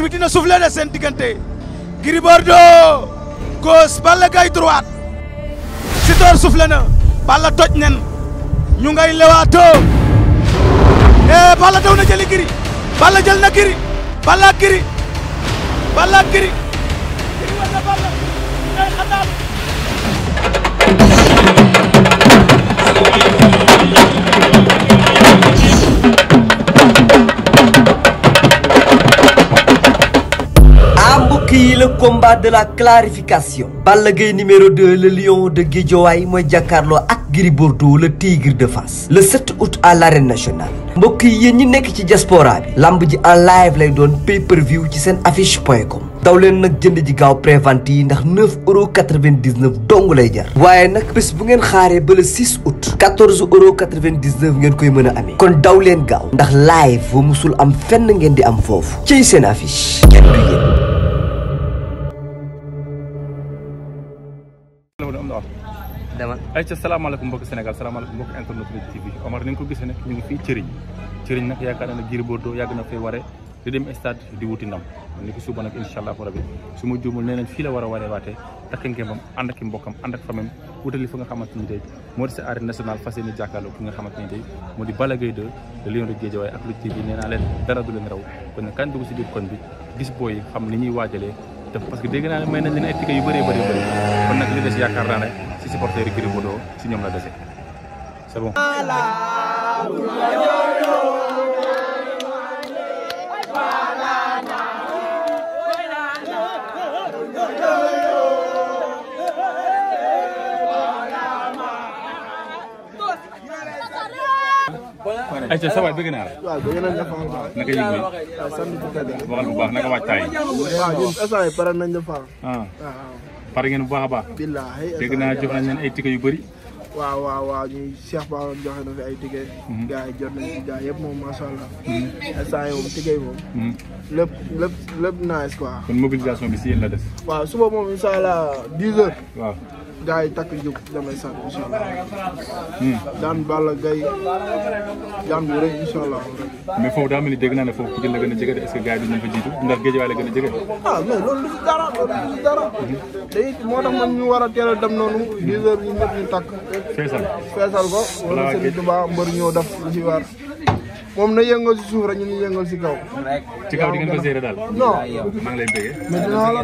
arbitre na soufflé de seen diggante Gris Bordeaux gauche Balla Gaye droite Sitor soufflé na Balla toj nen ñu ngay lewaatoo eh Balla daw na jëli Gris Balla jël na Gris Balla Gris Balla Gris Gris war na Balla ngay xataal Thank mbokk yi le combat de la clarification Balla Gaye numéro 2 le lion de Guédiawaye mooy jàkkaarloo ak Gris Bordeaux le tigre de Fass le 7 août à l'arène nationale mbokk yi yéen ñi nekk ci diaspora bi lamb ji en live lay doon pay ci seen affiche point com daw leen nag jënd ji gaaw prévente yi ndax 9 euros 99 dong lay jar waaye nag bés bu ngeen xaaree ba le 6 août 14 euros 99 ngeen koy mën a amee kon daw leen gaaw ndax live ba mosul am fenn ngeen di am foofu ci seen affiche demal ay ca salaamaaleykum mbokk Sénégal salaamaaleykum mbokk internet Lutte TV Omar ni nga ko gisee nag ñu ngi fii cëriñ cëriñ nag yaakaar na ne Gris Bordeaux yàgg na fay ware di dem stade di wuti ndam ni ko ma juumul nee fii la war a waree waatee takk ngembam ànd ak i mbokkam ànd ak famem wutali fa nga xamante ni moo di sa arène nationale fas yéene jàkkaarloo ki nga xamante ni tey moo di Balla Gaye 2 de Lion de Guédiawaye ak Lutte TV nee naa leen dara du leen raw kon nag kan def parce que dégg naa ne may nañ leen ay ticket yu bëree bëri bëri kon nag li des yaakaar naa si supporter yi Gris si ñoom la dese c'est bon. ayca sa waay bëgg naa la. waaw bëgg nañ la faaw. naka yëg nii. waaw ah, sant bu fekkee. waxal bu baax naka waajtaay. waaw ñun instant yii pare nañ la faaw. waaw ah. ah, pare ngeen baax a baax. billaahi dégg naa jox nañ leen ay ticket yu bëri. waaw waaw waaw ñuy Cheikh Ba joxe na fi ay ticket. Mhm. gars yi jot nañ mhm. mhm. bi si yéen la def. waaw suba moom incha allah heures. gaa yi takk jóg damay sant incha allah. daan Balla Gaye daan bu rëy incha allah. mais foofu daa mel ni dégg naa la gën a jege de est-ce que gaa yi duñ fa jiitu ndax Guédiawaye la gën a jege. ah mais loolu du dara loolu du dara. Mhm. te moo tax man ñu war a teel dem noonu. 10 ñu ñëpp ñu takk. feesal feesal ko. wala Serigne Touba mbër ñoo def lu ci war. moom na yëngal si suuf rek ñu ngi yëngal si kaw. ci kaw di ngeen ko gérer daal. non maa ngi lay bëggee. mais dinaa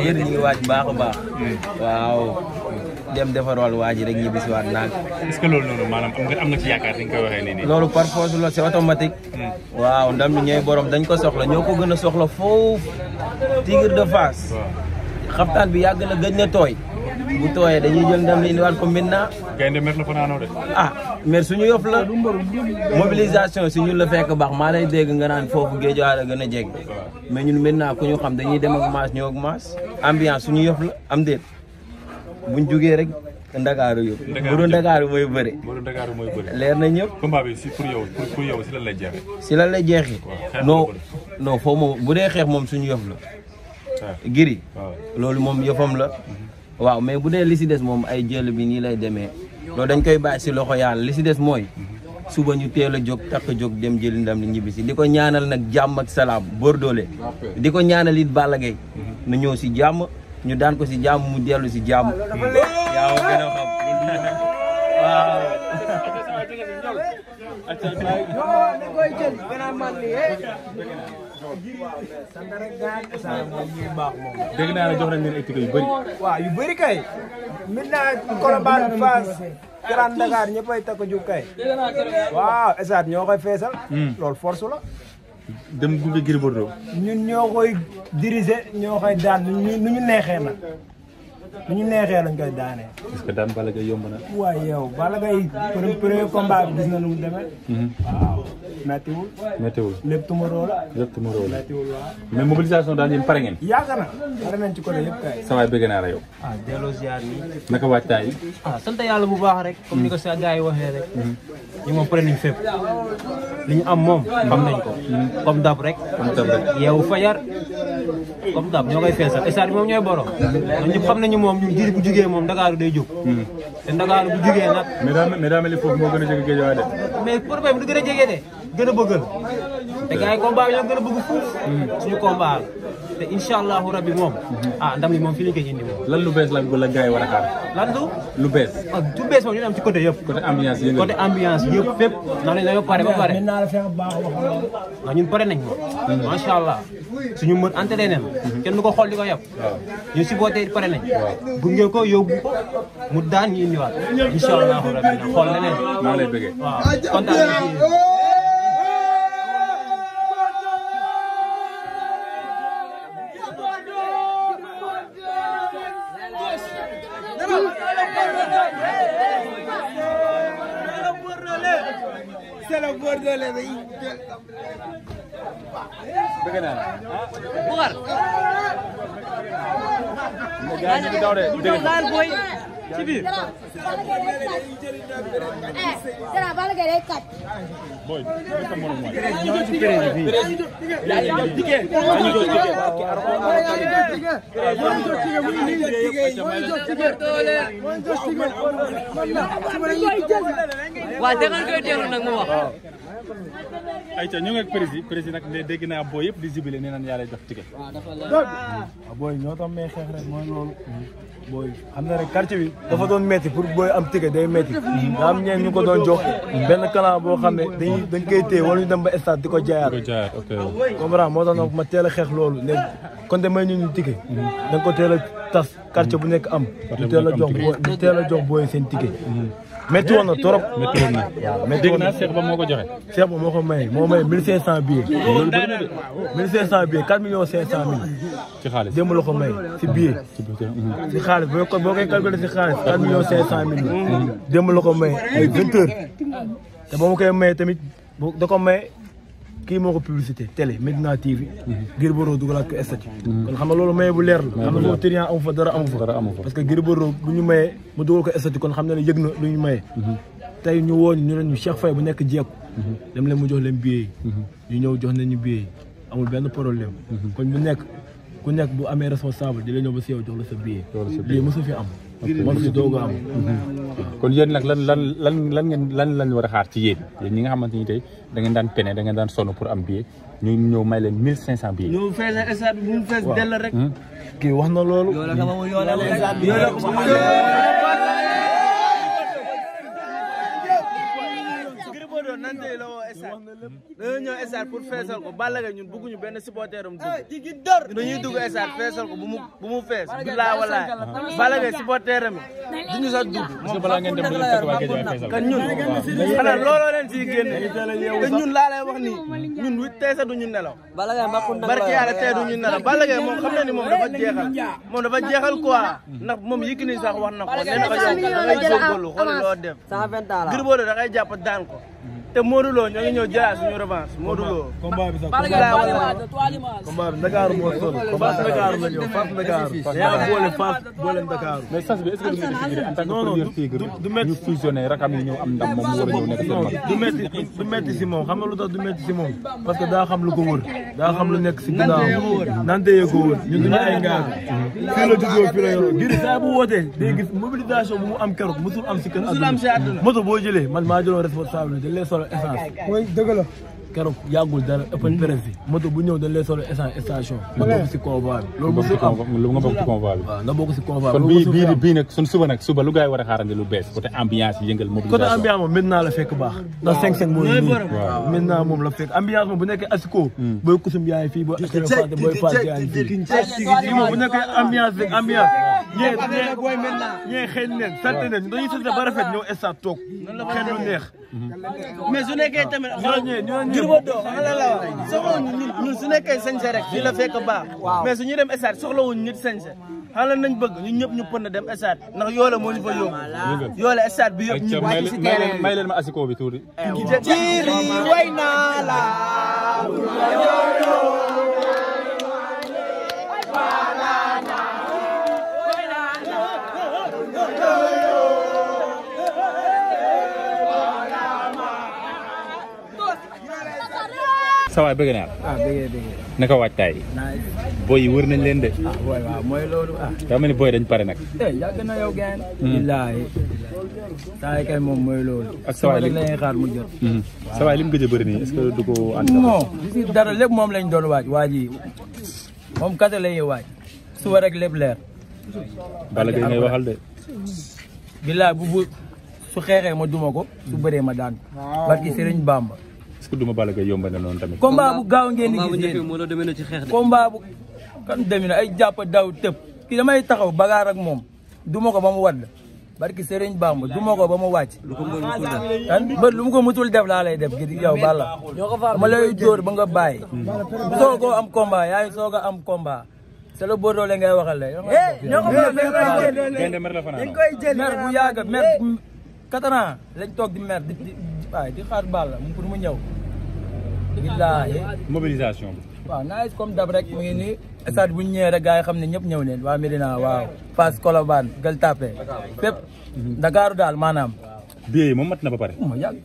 ñu ngi waaj baax a baax. Hmm. waaw. dem defar wàllu waa ji rek ñibbi si waat naag. est-ce que noonu maanaam am nga ci yaakaar ni nga koy waxee nii nii. loolu par force la c'est automatique. Hmm. waaw ndam bi ñooy borom dañ ko soxla ñoo ko gën a soxla foofu. tigre de face. xaftaan bi yàgg na gëj na tooy. bu tooyee dañu jël ndam li indiwaat ko maintenant. gaynde mer la fanaanoo ah. mais suñu yof la mobilisation si ñun la fekk baax maa lay dégg nga naan foofu géejawaay la gën a jege mais ñun maintenant ku ñu xam dañuy dem ak maas ñëw maas ambiance suñu yof la am déet buñ jugee rek Ndakaaru yëpp. Ndakaaru yëpp Ndakaaru mooy bëre. Ndakaaru mooy bëre. leer na ñëpp. combat bi si pour yow pour yow si lay jeexee. si lan lay jeexee. non non foofu bu dee xeex moom suñu yof la. Ah. giri ah. loolu moom yëfam la. Mhm. waaw mais bu dee li si des moom ay jël bi nii lay demee. loolu dañ koy bàyyi si loxo yàlla li si des mooy suba ñu teel a jóg takk jóg dem jëli ndam li ñibbi si di ko ñaanal nag jàmm ak salaam bordoole di ko ñaanal it Balla Gaye mhm. na ñëw si jàmm ñu daan ko si jàmm mu dellu si jàmm dégg naa ne jox nañ leen ay ticket yu bëri. waaw yu bëri kay. Midina Colobane Fass Grand Dakar ñëppay takk ju kay. waaw stade ñoo koy feesal. Hmm. lool force la. dem gunge Gris Bordeaux. ñun ñoo koy diriger ñoo koy daan nu ñu neexee na lu ñu neexee lañ koy daanee. parce que daan Balla yomb na. waaye yow Balla Gaye premier combat bi gis na nu mu demee. Mhm. waaw méttiwul. méttiwul lépp tumaroo la. lépp tumaroo la méttiwul waaw. mais mobilisation daal yéen pare ngeen. yaakaar na nañ ci côté yëpp bëgg naa la yow. ah delloo ziar yi. naka waajtaay yi. ah sant yàlla bu baax rek. comme ni ko sa gars yi waxee rek. ñu mhm. moom pare nañ fépp. li am moom. xam nañ ko. Mhm. comme dab comme dab rek yeewu fajar. comme dab ñoo koy feesal stade bi moom ñooy borom ñun ñëpp xam nañu moom ñun diir bu jugee moom Ndakaaru day jóg hmm. te Ndakaaru bu jugee nag mais daa mel ni foofu moo gën a jege géej waaye de mais problème du gën a jege de gën a bëggal te gars yi combat bi ñoo gën a bëgg fuuf hmm. suñu te incha allahu rabi moom. ah ndam moom fii lañ koy indi moom. lan lu bees la la war a xaar. lan lu. lu bees. ah bees moom ñu am ci côté yëpp. côté ambiance yëngal yëpp fépp. ndax dañu dañoo pare ba pare. ndax ñun pare nañ moom. Hmm. macha allah suñu mën entraîné na. Hmm. kenn du ko xool di ko yab. waaw ñun supporter pare nañ. waaw gunge ko yóbbu ko mu daan ñu indiwaat. incha allahu rabi xool leneen. maa ngi lay bëggee la góor doole day jël bëgg naa Bougar gaa yi daw de dégg laal boy ci biir dara eh, Balla Gaye day kat boy waaw dëgg la koy teelu nag mu wax ayca ñu ngi ak prési prési nag ne dégg naa boo yëpp di jibile nee naan yaa lay jox ticket. waaw ah, booy ñoo tam may xeex rek mooy loolu. Mm-hmm. booy xam na rek quartier bi dafa mm-hmm. doon metti pour booy am ticket day metti nga am ñeen ñu ko doon jox benn clan boo xam ne dañuy dañ koy téye wala ñu dem ba stade di ko jaayaat. di ko jaayaat moo tax ma teel a xeex loolu ne kon de may ñu ñu ticket. Mm-hmm. da nga ko teel tas quartier bu nekk am. quartier bu nekk a jox booy seen ticket. métti woon na trop. métti woon na dégg moo ko joxe. Cheikh Ba moo ko may moo may 1500 billets. loolu bëri na de. 1500 billets 4 millions 500 mille. ci xaalis démb la ko may si billet. si xaalis boo koy calculer si xaalis 4 millions 500 mille. Mm-hmm. démb la ko may ay 20 ba mu koy may tamit bu da ko kii moo ko publicité télé Medina TV. Gris Bordeaux dugal ak statut. kon xam nga loolu maye bu leer la. xam nga foofu triant amu fa dara amu fa. parce que Gris Bordeaux bu ñu mayee mu dugal ko statut kon xam na ne yëg na lu ñu maye. tey ñu woo ñu ne ñu Cheikh Faye bu nekk jeeku. dem leen mu jox leen billet yi. ñu ñëw jox nañu billet yi amul benn problème. kon bu nekk ku nekk bu amee responsable di la ñëw ba si yow jox la sa billet. lii mësu fi am. moom si doo nga am. kon yéen nag lan lan lan lan ngeen lan lan war a xaar ci yéen yéen ñi nga xamante ni tey da ngeen daan pene da ngeen daan sonn pour am billet ñu ñëw may leen mille cinq cent billets. ñëw fees na stade bi mu fees dell rek. Hmm? kii wax na loolu. yoo la stade dañoo ñëw stade pour feesal ko Balla Gaye ñun bëgguñu benn supporter am dugg dañuy dugg stade feesal ko bu mu bu mu fees bilaa walaay Balla Gaye supporter am duñu sax dugg moom balaa ngeen dem kan ñun xanaa looloo leen siy génne te ñun laa lay wax nii ñun wi tey ba duñu nelaw barke yàlla tey duñu nelaw Balla Gaye moom xam na ni moom dafa jeexal moom dafa jeexal quoi ndax moom Yékini sax wax na ko nee na ko yow da ngay góorgóorlu xool loo def Gris Bordeaux da ngay jàpp daan ko te Modou Lo ñoo ngi ñëw jëlaat suñu revanche Modou Lo. combat bi sax combat bi Dakar moo sol combat Dakar la ñëw Fass Dakar yaa boole Fass boole Dakar. mais sas bi est-ce que du ngeen décidé en tant que première tigre ñu fusionné rakam yi ñëw am ndam moom mu war a ñëw nekk seen mag. du métti du métti si moom xam nga lu tax du métti si moom parce que daa xam lu ko wër daa xam lu nekk si ginnaaw nante yee ko wër ñun duñu ay ngaar fii la duggoo fii la yoroo giri saa bu wootee day gis mobilisation bu mu am keroog mosul am si kër moto boo jëlee man maa jëloon responsable dañ lay solo solo essence. mooy dëgg mm-hmm. bu ñëw dañ lay solo essence station. nga bokk si convoi bi. loolu mosul am nga kon bii nag suba nag suba lu gars yi war a xaarandi lu bees côté ambiance yëngal moom la fekk baax. ndax 5-5 mooy nii waaw maintenant ambiance moom bu nekkee asiko. Mm. booy kusum yaay fii booy. di di di di di di di di di di di di di di di di di di di ñee ñee booy maintenant ñee xëy nañ sant nañ dañuy sant ba rafet toog xel su nekkee tamit Gris Bordeaux xam la la wax soxlawuñu nit ñun su nekkee sañse rek fii la fekk baax mais suñu dem instant soxlawuñu nit sañse xam la nañ bëgg ñu ñëpp ñu pën na dem stade ndax yoole moo ñu fa yóbbu yoole stade bi yëpp ñu wàcc ma asiko bi tuuti jiiri way naa la sa waay bëgg naa ah naka waajtaay booy yi wër nañ leen de ah waay waaw mooy loolu ah ni booy dañ pare nag eh yàgg na yow gaan hmm. billaahi taay kay moom mooy loolu ak sa waay li lañuy xaar mu jot hmm. sa waay li mu gëj a bëri nii est-ce que du ko ànd non moom lañ doon waaj waaj yi moom kase la ñuy waaj suba rek lépp leer bala gay ngay waxal de billaahi bu bu su xeexee ma duma ko su bëree ma daan est que duma Balla Gaye yomb na noonu tamit. combat bu gaaw ngeen di bu kan demee ay jàpp daw tëb ki damay taxaw bagaar ak moom duma ko ba mu wadd barki Serigne Bamba duma ko ba mu wàcc. lu ko mbër lu mu ko mutul def laa lay def gi yow Balla. ma lay ba nga bàyyi. soo ko am combat yaay soo ko am combat. c'est le Bordeaux eh, la mer bu yàgg mer quatre ans lañ toog di mer waaye di baal Balla mu pour mu ñëw. billaahi mobilisation bi. waaw nice comme dab rek mu nii stade bu ñu ñëwee rek gars yi xam ne ñëpp ñëw neen waa Medina waaw Fass Colobane Gueule Tapée fépp mhm. Dakar daal maanaam. biir yi moom mat na ba pare.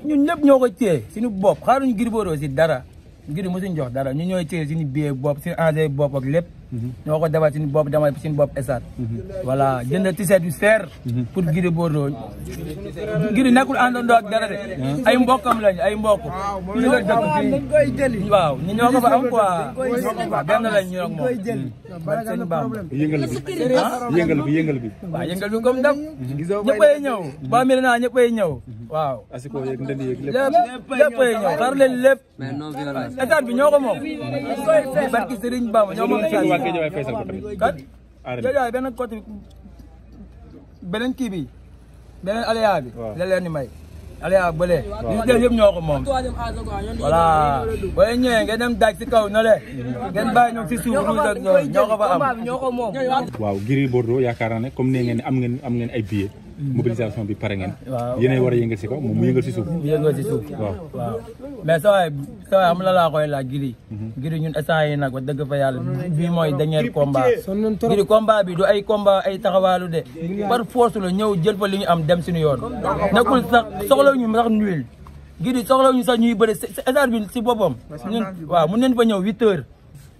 ñun ñëpp ñoo ko téye suñu bopp xaaruñu Gris Bordeaux si dara Gris mosuñu jox dara ñu ñooy téye suñu biir bopp suñu engrais bopp ak lépp. ñoo mm-hmm. ko defal suñu dama suñu bopp esat mm-hmm. voilà jënd t-shirt seer pour Gris Bordeaux Gris nekkul àndandoo ak dara de ah. ay mbokkam lañ ay mbokk ñu ah, la dëkk fii waaw ñu ñoo ko fa am quoi benn lañ ñu ak moom mm. sëñ Bamba yëngal bi yëngal bi ah. ba mi naa ñëppay ñëw mm-hmm. waaw asiko yeeg ndënd bi ñoo ko Guédiawaye Faysal ko tamit kat Guédiawaye benn côté beneen kii bi beneen aléa bi la leen di may aléa bële li ci def yëpp ñoo ko moom voilà booy ñëwee ngeen dem daaj si kaw na le ngeen bàyyi ñoom si suuf ñoo ko fa am waaw Gris Bordeaux yaakaar naa ne comme ne ngeen am ngeen am ngeen ay billets mobilisation bi pare ngeen. Ah, waaw yéenay war a yëngal si kaw moom mu yëngal si suuf. mu yëngal si suuf waaw. waaw mais saa waay saa la laa koy laaj giri. Mhm. giri ñun instant yi nag wax dëgg fa yàlla bii mooy dernier combat. giri combat bi du ay combat de. par force la ñëw jël fa li ñu am dem suñu yoon. nekkul sax giri soxla ñu sax ñuy bëri si état bi si boppam. ñun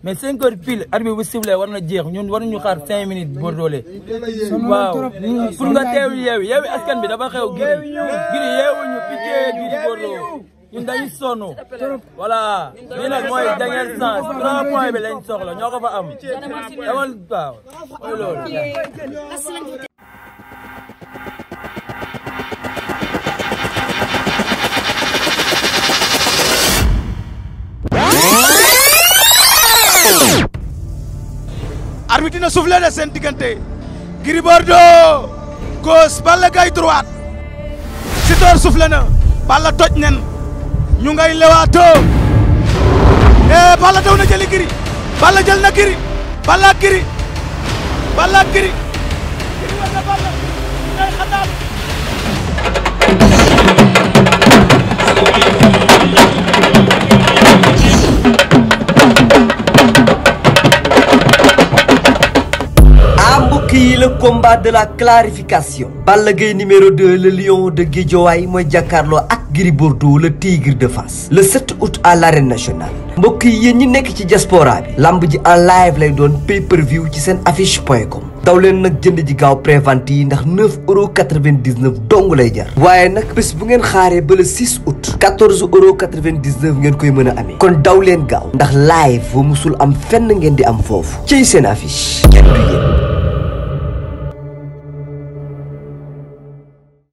mais cinq heures pile arbitre bu sifflé war na jeex ñun waruñu xaar cinq minutes boo doole waaw pour nga teew yeewi yeewi askan bi dafa xew giri giri yeewuñu picc giri boo ñun dañu sonn voilà lii nag mooy dernier sens trois points bi lañ soxla ñoo ko fa am dawal waaw loolu arbitre na soufflé de seen diggante Gris Bordeaux gauche Balla Gaye droite Sitor soufflé na Balla toj nen ñu ngay lewaatoo eh Balla daw na jëli Gris Balla jël na Gris Balla Gris Balla Gris Gris war na ngay xataal Thank le combat de la clarification Balla Gaye numéro 2 le lion de Guédiawaye mooy jàkkaarloo ak Gris Bordeaux le tigre de Fass le 7 août à l'arène nationale mbokk yi yéen ñi nekk ci diaspora bi lamb ji en live lay doon pay ci seen affiche point com daw leen nag jënd ji gaaw prévente yi ndax 9 euros 99 dong lay jar waaye nag bés bu ngeen xaaree ba le 6 août 14 euros 99 ngeen koy mën a amee kon daw leen gaaw ndax live ba mosul am fenn ngeen di am foofu ci seen affiche